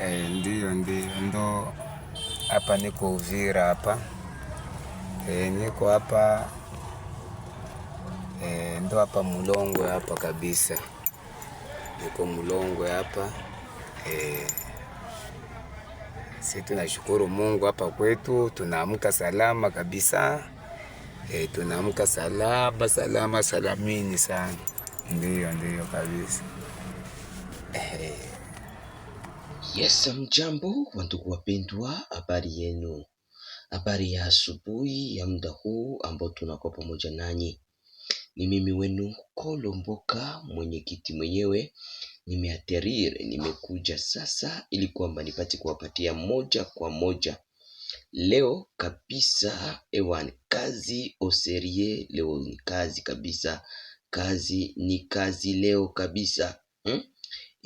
Eh, ndio ndio ndo hapa niko Uvira hapa eh, niko hapa eh, ndo hapa Mulongwe hapa kabisa, niko Mulongwe hapa eh, si tunashukuru Mungu hapa kwetu, tunaamka salama kabisa eh, tunaamka salama salama salamini sana, ndio ndio kabisa eh, Yes, mjambo wandugu wapendwa, habari yenu? Habari ya asubuhi ya muda huu ambao tunakuwa pamoja nanyi. Ni mimi wenu Kolomboka, mwenyekiti mwenyewe. nimeaterire nimekuja sasa ili kwamba nipate kuwapatia moja kwa moja leo kabisa. Ewan, kazi oserie, leo ni kazi kabisa, kazi ni kazi leo kabisa hmm?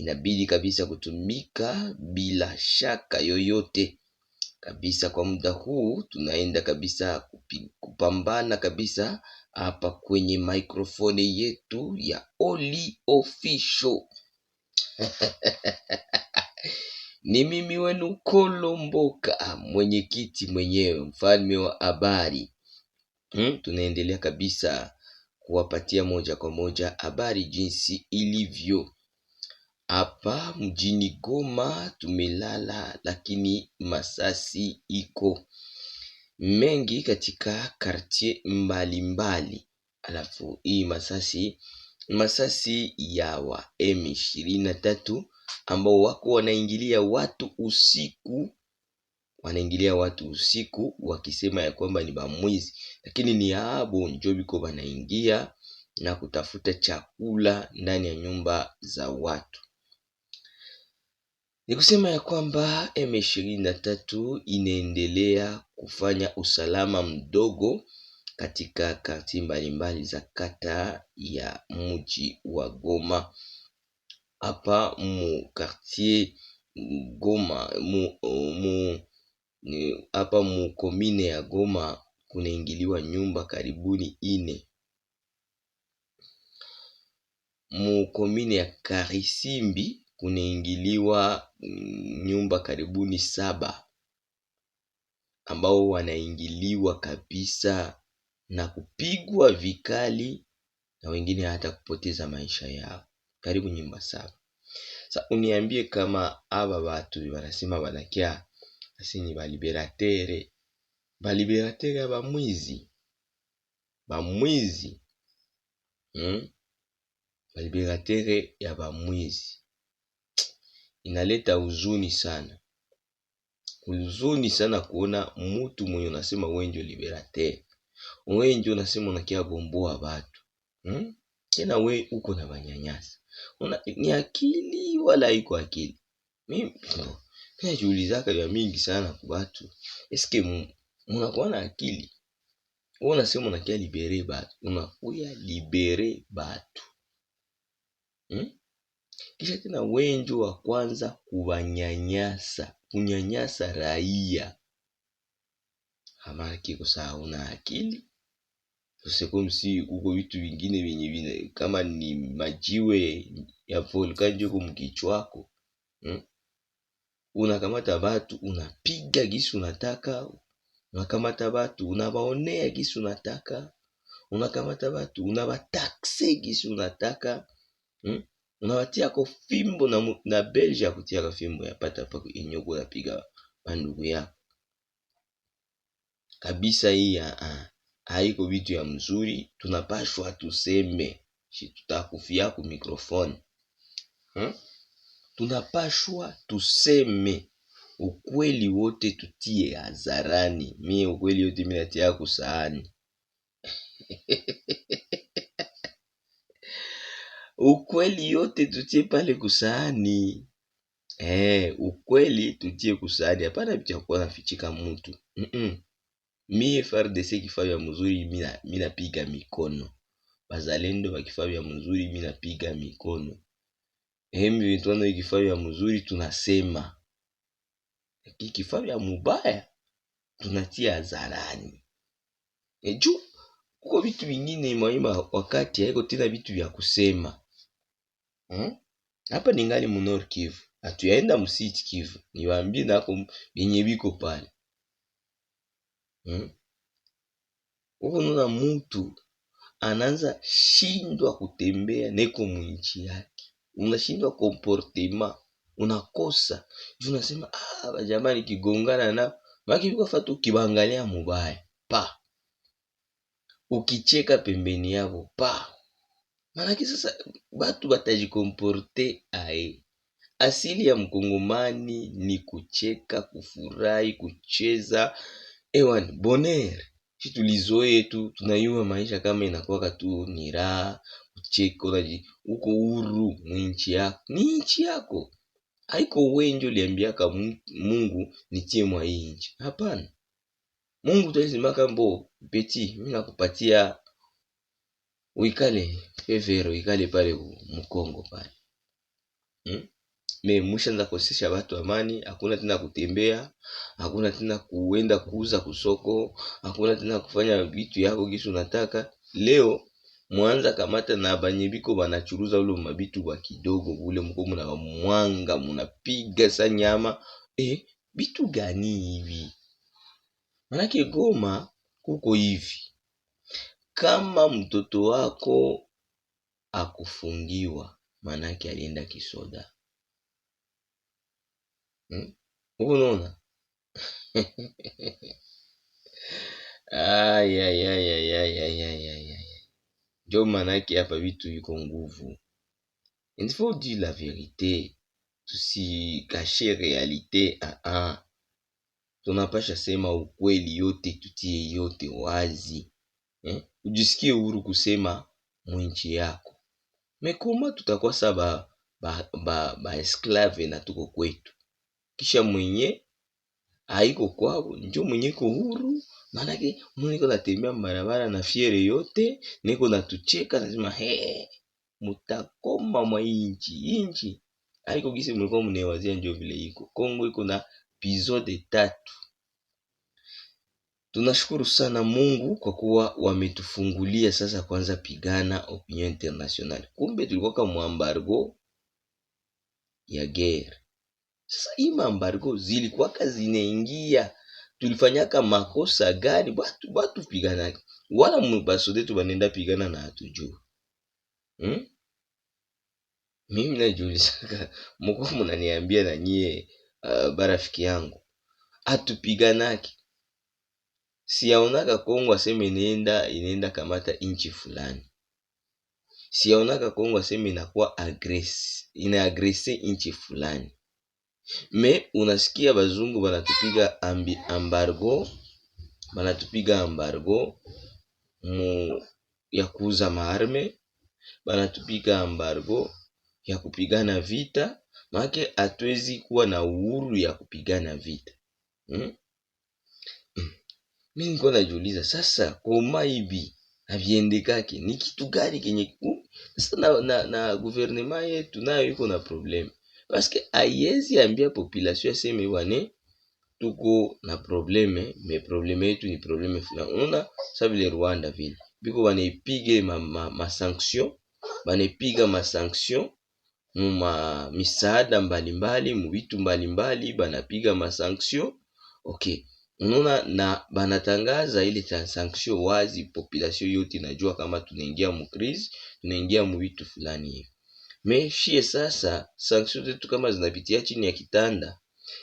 inabidi kabisa kutumika bila shaka yoyote kabisa. Kwa muda huu tunaenda kabisa kupambana kabisa hapa kwenye mikrofoni yetu ya Olly Official. Ni mimi wenu Kolo Mboka, mwenyekiti mwenyewe, mfalme wa habari hmm. Tunaendelea kabisa kuwapatia moja kwa moja habari jinsi ilivyo. Hapa mjini Goma tumelala lakini masasi iko mengi katika kartie mbalimbali. Alafu hii masasi masasi ya wa M23 ambao wako wanaingilia watu usiku, wanaingilia watu usiku wakisema ya kwamba ni bamwizi, lakini ni abo njo biko banaingia na kutafuta chakula ndani ya nyumba za watu. Ni kusema ya kwamba M23 inaendelea kufanya usalama mdogo katika kati mbalimbali za kata ya mji wa Goma. Hapa mu quartier Goma mu, mu, hapa mu komine ya Goma kunaingiliwa nyumba karibuni ine mu komine ya Karisimbi kunaingiliwa mm, nyumba karibuni saba ambao wanaingiliwa kabisa na kupigwa vikali na wengine hata kupoteza maisha yao karibu nyumba saba. Sa uniambie kama aba watu wanasema balakya asi ni baliberatere, baliberatere abamwizi bamwizi hmm? baliberatere ya bamwizi inaleta huzuni sana, huzuni sana kuona mutu mwenye unasema wewe ndio liberateur, wewe ndio unasema unakia gomboa batu hmm? Tena we uko na banyanyasa una, ni akili wala iko akili mimi no. Najiulizaka vya mingi sana kwa watu eske munakuwa na akili? Wewe unasema unakia libere batu, unakuya libere batu hmm? Kisha tena wenjo wa kwanza kuwanyanyasa, kunyanyasa raia. hamaki kiko sawa, una akili usekomsi uko vitu vingine vyenye vina kama ni majiwe ya volkani joko mkichwako hmm? Unakamata batu unapiga gisi unataka, unakamata batu unabaonea gisi unataka, unakamata batu unabatakse gisi unataka hmm? unawatiako fimbo na, na belge ya kutiaka fimbo yapata pa ya napiga bandugu ya kabisa. Hii aa, haiko vitu ya mzuri, tunapashwa tuseme shi tutakufia ku mikrofoni hmm? Tunapashwa tuseme ukweli wote, tutie hadharani. Mie ukweli wote minatia kusahani Ukweli yote tutie pale kusahani. Eh, ukweli tutie kusahani. Hapana vitu ya kuwa nafichika mtu. Mm -mm. Mie FARDC kifaa vya mzuri mi napiga mikono. Bazalendo wa kifaa vya mzuri mi napiga mikono. Hemi eh, vitwano kifaa mzuri tunasema. Hiki kifaa mubaya tunatia zarani E eh, juu kuko vitu vingine mwalimu wakati haiko tena vitu vya kusema. Hmm? Hapa ni ngali mu Nord Kivu, hatuyaenda mu Sud Kivu, niwaambie nako yenye biko pale hmm? nuna mutu anaanza shindwa kutembea neko mwinchi yake, unashindwa komportema, unakosa juu unasema ah, bajamani kigongana na fatu, kibangalia mubaya pa, ukicheka pembeni yabo pa Maanake sasa batu batajikomporte aye. Asili ya mkongomani ni kucheka, kufurahi, kucheza ewan boner Shi tulizoe yetu tunayua maisha kama inakuwaka tu ni raha, ucheko, naji uko uru mwi nchi yako. Ni nchi yako. Haiko wenjo njo Mungu nitie mwa hii nchi. Hapana. Mungu tu alisemaka mbo, beti, mimi nakupatia uikale fevero uikale pale mkongo pale hmm? me mwishaanza kukosesha watu amani, hakuna tena kutembea, hakuna tena kuenda kuuza kusoko, hakuna tena kufanya vitu yako gisu unataka leo mwanza kamata na banyebiko banachuruza ule mabitu ba kidogo ule mko muna mwanga munapiga sa nyama e, bitu gani hivi? Manake Goma kuko hivi kama mtoto wako akufungiwa, maanake alienda kisoda. Hmm? Unaona? njo maanake hapa vitu viko nguvu. Il faut la verite, tusikashe realite. Ah, ah. Tunapasha sema ukweli yote, tutie yote wazi eh? ujisikie uhuru kusema mwenchi yako mekoma tutakuwa saba ba, ba, ba na tuko kwetu, kisha mwenye haiko kwao njo mwenye ko huru. Maanake mniko natembea barabara na fiere yote, niko natucheka nasema he mutakoma mwa inchi inchi haiko gisi mlikuwa mnewazia, njo vile iko Kongo iko na pizode tatu. Tunashukuru sana Mungu kwa kuwa wametufungulia sasa kwanza pigana opinion international. Kumbe tulikuwa kama mwambargo ya guerre. Sasa hii maambargo zilikuwaka zinaingia, tulifanyaka makosa gani? watu watu pigana? wala mubasodetu banenda pigana na hatujui hmm? Mimi najiulisaka mko mnaniambia na nyie, uh, barafiki yangu Atupiganaki siyaonaka Kongo aseme inaenda inaenda kamata inchi fulani, siyaonaka Kongo aseme inakuwa agresi inaagrese nchi fulani. Me unasikia bazungu banatupiga ambi, ambargo banatupiga ambargo mu, ya kuuza maarme banatupiga ambargo ya kupigana vita, maake atwezi kuwa na uhuru ya kupigana vita hmm? mi niko najiuliza sasa koma hivi aviendekake ni kitu gani kenye ku sasa na, na, na guvernema yetu nayo iko na probleme paske ayezi ambia population aseme wane tuko na probleme me probleme yetu ni probleme fulani. Unaona sa vile Rwanda vile biko banaipige ma, ma, ma sanction banaipiga muma misaada mbalimbali mubitu mbalimbali banapiga ma okay unaona, na banatangaza ili sanction wazi, population yote inajua kama tunaingia mu mukrizi, tunaingia mu vitu fulani hivi. Meshie sasa sanction zetu kama zinapitia chini ya kitanda,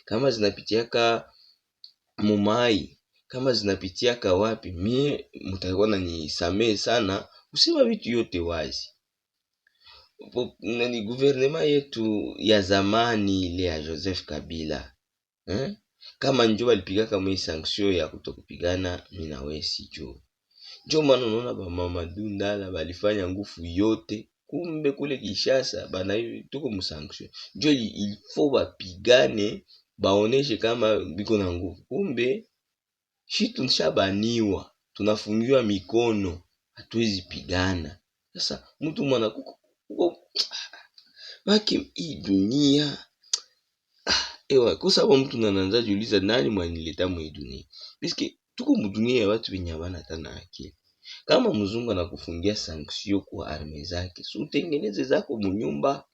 kama zinapitiaka mumai, kama zinapitiaka wapi, mie mutakuwa nanisamehe sana, usema vitu yote wazi ni guvernema yetu ya zamani ile ya Joseph Kabila eh? kama njo balipigaka mwi sanction ya kutokupigana mimi na wewe Njo maana unaona ba mama Dundala balifanya nguvu yote, kumbe kule Kishasa bana hivi tuko mu Njo ilifo bapigane baoneshe kama biko na nguvu, kumbe shi nshabaniwa tunafungiwa mikono, hatuwezi pigana. Sasa mtu mwana kuko waki hii dunia ewa eh kwa mutu na nanza juliza nani mwanileta mwe dunia biski tuko mdunia ya watu wenye hawana tana akili kama mzungu anakufungia sanksio kwa arme zake so utengeneze zako munyumba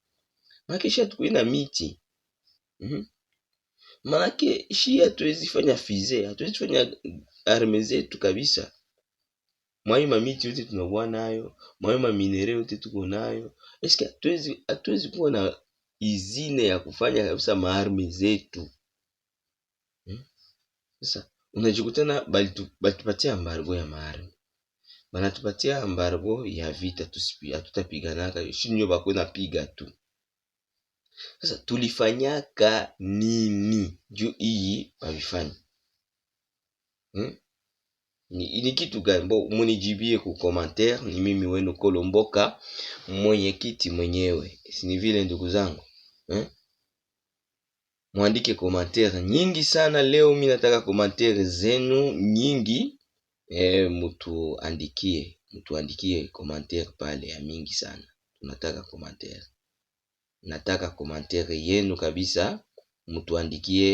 makisha tukue na miti mm -hmm. manake shi hatuwezi fanya fize hatuwezi fanya arme zetu kabisa mwaima miti yote tunakuwa nayo mwaima minere yote tuko nayo eske hatuwezi kuwa na izine ya kufanya kabisa maarmi zetu. Eh? Sasa hmm? Unajikutana balitupatia ambargo ya maarmi, banatupatia ambargo ya vita, hatutapiganaka shinyo, na piga tu. Sasa tulifanyaka nini juu iyi babifanya hmm? Ni, ni kitu gani bo? Munijibie ku commentaire. Ni mimi wenu Kolomboka, mwenyekiti mwenyewe. Si vile ndugu zangu. Hmm? Mwandike komantere nyingi sana leo, mi nataka komantere zenu nyingi eh, mutuandikie mtuandikie komantere pale ya mingi sana, tunataka komantere, nataka komantere yenu kabisa, mtuandikie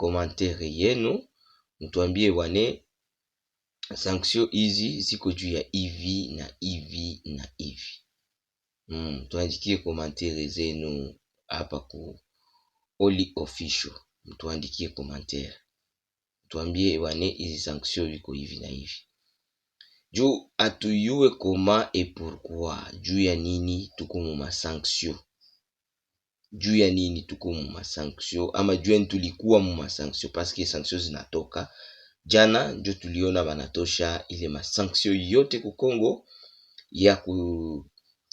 komantere yenu, mtuambie bwane sanction hizi ziko juu ya hivi na hivi na hivi. Mm, tuandikie komantere zenu hapa ku oli Official, mtuandikie komantere, tuambie wane hizi sanction viko hivi na hivi, juu atuyue koma e pourquoi, juu ya nini tukumu mu masanction, juu ya nini tukumu mu masanction, ama juu ya tulikuwa mu masanction, paske sanction zinatoka jana, njo tuliona banatosha ile masanction yote ku Kongo ya ku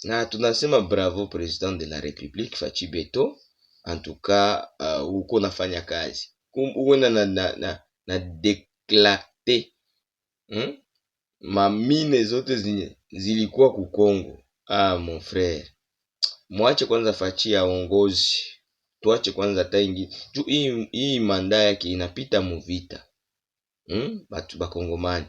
na tunasema bravo president de la republique Fachi Beto antuka, uh, uko nafanya kazi uwena na, na, na, na deklate hmm? Mamine zote zilikuwa kukongo. Ah, mon frere, mwache kwanza Fachi ya ongozi tuache kwanza taingi juu hii, hii manda yake inapita muvita hmm? Batu bakongomani,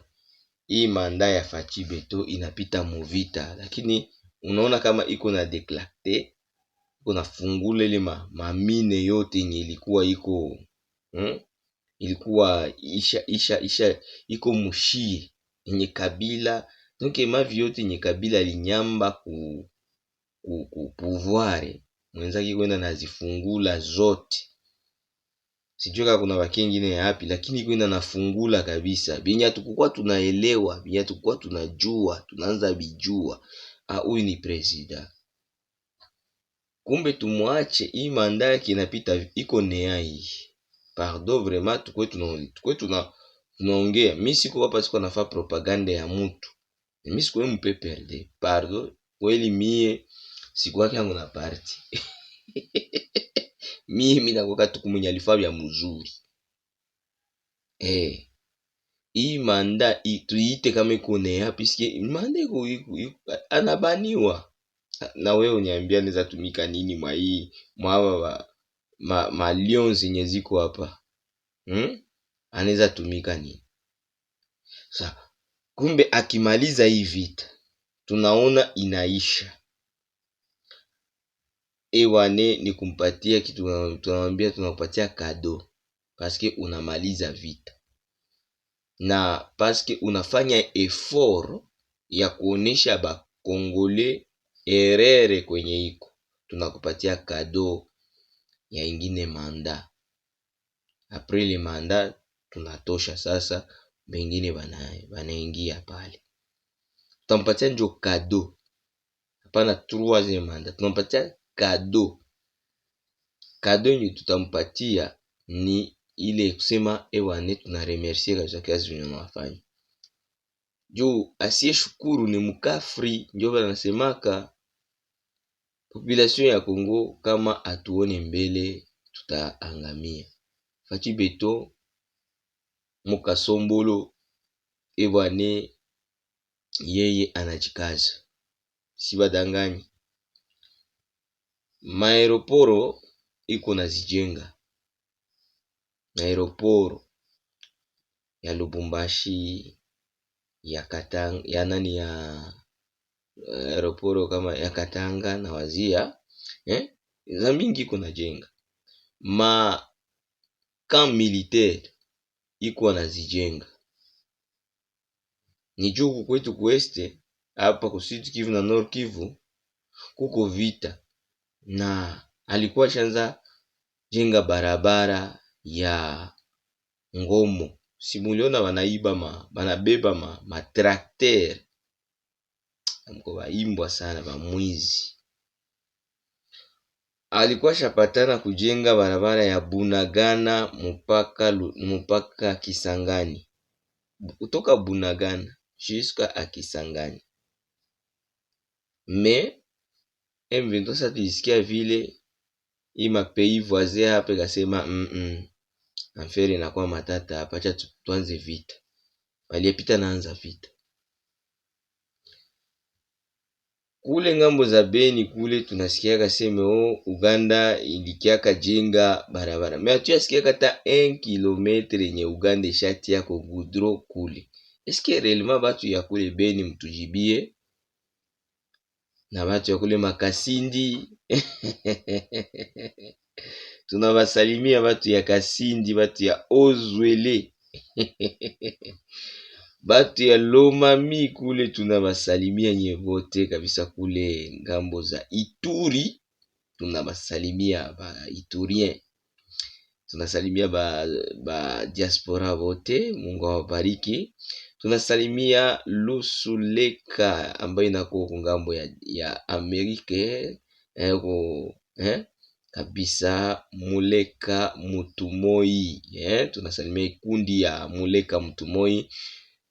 hii manda ya Fachi Beto inapita muvita lakini unaona kama iko na deklakte, iko na fungula ile ma, mamine yote yenye ilikuwa iko hmm? ilikuwa isha isha isha iko mushie yenye Kabila donc mavi yote yenye Kabila linyamba ku, ku, ku pouvoir mwenzake kwenda nazifungula zote sijui kama kuna wake ingine yapi, lakini kwenda nafungula kabisa, binyatu tukukua tunaelewa, benye tukukua tunajua, tunaanza bijua au ah, ni presida. Kumbe tumwache hii manda yake inapita iko neai. Pardo vraiment tukwe tunaongea. Tukwe tuna tunaongea. Mimi siko hapa siko nafaa propaganda ya mtu. Mimi siko mpe perde. Pardo kweli mie sikuwa yangu na party. mimi nakuwa tu kumenya alifaa ya mzuri. Eh. Hey hii manda tuiite kama iko nea piske manda iko anabaniwa na wewe uniambia naweza tumika nini mwa hii mwa ma, ma lion zenye ziko hapa hmm? anaweza tumika nini sa kumbe akimaliza hii vita tunaona inaisha ewane ni kumpatia kitu tunamwambia tunakupatia kado paske unamaliza vita na paske unafanya eforo ya kuonesha bakongole erere kwenye iko, tunakupatia kado ya ingine manda. Apres manda tunatosha sasa, bengine banaingia pale, tutampatia njo kado, hapana troisieme manda, tunampatia kado. Kado yenye tutampatia ni ile kusema ewane eh, tunaremersie kabisa kazi venye wanafanya juu asiye shukuru ni mkafri. Ndio bana nasemaka population ya Kongo, kama atuone mbele tutaangamia. Fachi beto mukasombolo ebwane, eh, yeye anajikaza, si badanganyi. Maeroporo iko zijenga na aeroporo ya Lubumbashi ya Katanga, ya nani ya eh, aeroporo kama ya Katanga na wazia eh, za mingi iko najenga ma camp militaire iko anazijenga ni juu kwetu kueste hapa kusud Kivu na Nord Kivu kuko vita, na alikuwa shanza jenga barabara ya ngomo simuliona na ma banabeba ma matracteur amko baimbwa sana bamwizi alikuwa shapatana kujenga barabara ya Bunagana mpaka mpaka Kisangani kutoka Bunagana jusqu'à akisangani Kisangani. Mais M23 vile imapei mapeyi voisin hapa ikasema mm -mm aferi inakuwa matata hapa, acha tuanze vita. Aliyepita naanza vita kule ngambo za Beni kule, tunasikiaka kaseme o oh, Uganda ilikiaka jenga barabara me hatuyasikiaka ta 1 kilometre yenye Uganda ishati yako gudro kule. Eske relima batu ya kule Beni mtujibie na batu ya kule Makasindi tunawasalimia watu ya Kasindi, watu ya Ozwele batu ya Lomami kule, tunawasalimia nye vote kabisa. Kule ngambo za Ituri tunawasalimia ba Iturien, tunasalimia ba, ba diaspora vote, Mungu awabariki. Tunasalimia Lusuleka ambayo inako ngambo ya, ya Amerike eh, eh kabisa Muleka Mutumoi eh, tunasalimia kundi ya Muleka Mutumoi,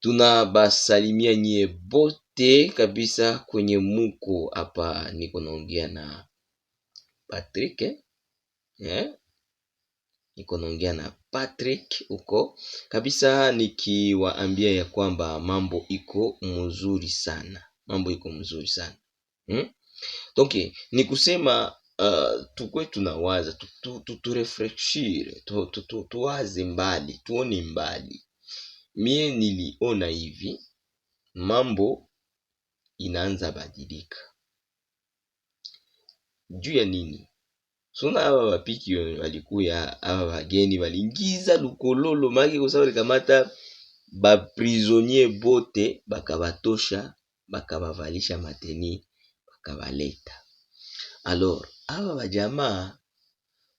tunabasalimia nyie bote kabisa kwenye muko hapa. Niko naongea na Patrick eh? Eh? Niko naongea na Patrick huko kabisa, nikiwaambia ya kwamba mambo iko mzuri sana, mambo iko mzuri sana hmm? Donc ni kusema uh, eh, tukwe tunawaza turefreshire tu, tu, tu, tu, tuwaze mbali tuone mbali. Mie niliona hivi mambo inaanza badilika juu ya nini? Sona aba bapiki walikuya aba bageni balingiza lukololo make kosa balikamata baprisonnier bote bakabatosha bakabavalisha mateni bakabaleta Alors, aba bajamaa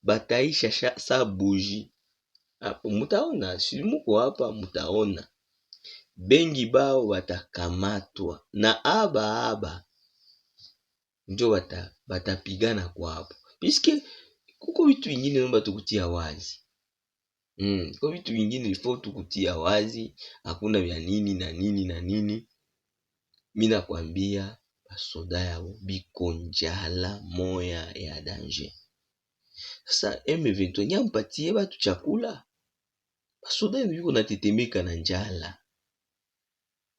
bataisha sa buji mutaona si muko hapa, mutaona bengi bao batakamatwa na aba aba njo bata batapigana kwa piske kuko vitu vingine nomba tukutia wazi mm, kuko vitu vingine ifo tukutia wazi, hakuna vya nini na nini na nini, mina kwambia basoda bikonjala moya ya danger sasa M23 nyampatie batu chakula basoda hivi biko na njala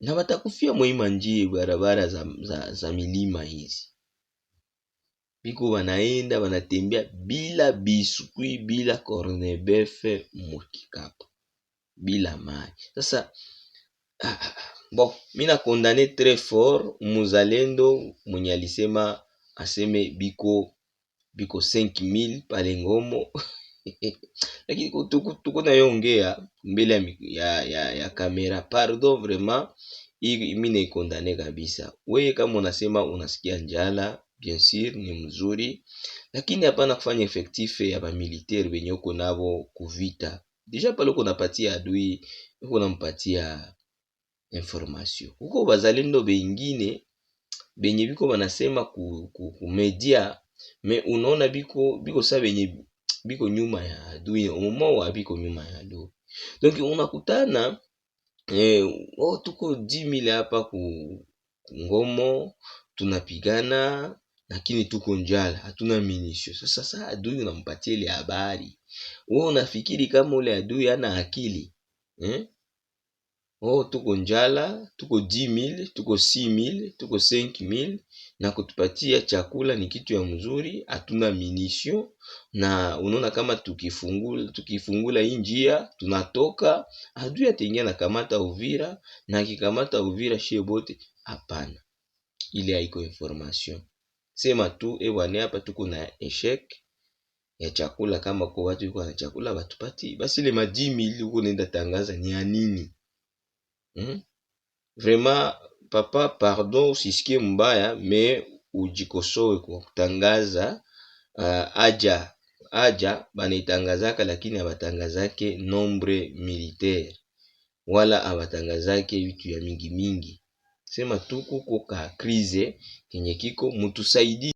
na batakufia mwaima njie barabara za, za, za milima hizi biko banaenda banatembea bila biskwi bila cornebefe mukikapu bila mai sasa ah, ah, ah. Bon, mi na kondane tres fort muzalendo mwenye alisema aseme biko biko 5000 pale Ngomo lakini tuko nayoongea mbele ya, ya, ya kamera, pardon vraiment, mi naikondane kabisa. Wewe kama unasema unasikia njala, bien sûr ni mzuri, lakini hapana kufanya effectif ya bamiliteri wenye uko navo kuvita. Deja pale uko napatia adui, uko nampatia information. bazali bazalendo bengine benye biko banasema ku, ku, ku media me unaona biko biko sa benye biko nyuma ya adui umoma wa biko nyuma ya adui donc unakutana eh, oh, tuko jimile hapa ku ngomo tunapigana lakini tuko njala, hatuna minisho. Sasa saa adui unampatia ile habari, wewe unafikiri kama ule adui ana akili eh? oh, tuko njala, tuko dix mille, tuko six mille, tuko cinq mille, na kutupatia chakula ni kitu ya mzuri, hatuna minisio. Na unaona kama tukifungula, tukifungula hii njia tunatoka, adui ataingia na kamata Uvira, na kikamata Uvira shie bote. Hapana, ile haiko information, sema tu ewane eh, hapa tuko na eshek ya chakula. Kama kwa watu iko na chakula watupati basi ile madimi ili huko nenda tangaza ni ya nini? Hmm? vrema papa pardon usisikie mbaya me ujikosoe kwa kutangaza uh, aja aja banaitangazaka lakini abatangazake nombre militaire wala abatangazake vitu ya mingi mingi, sema tuku kuko ka krize kenye kiko mutusaidie.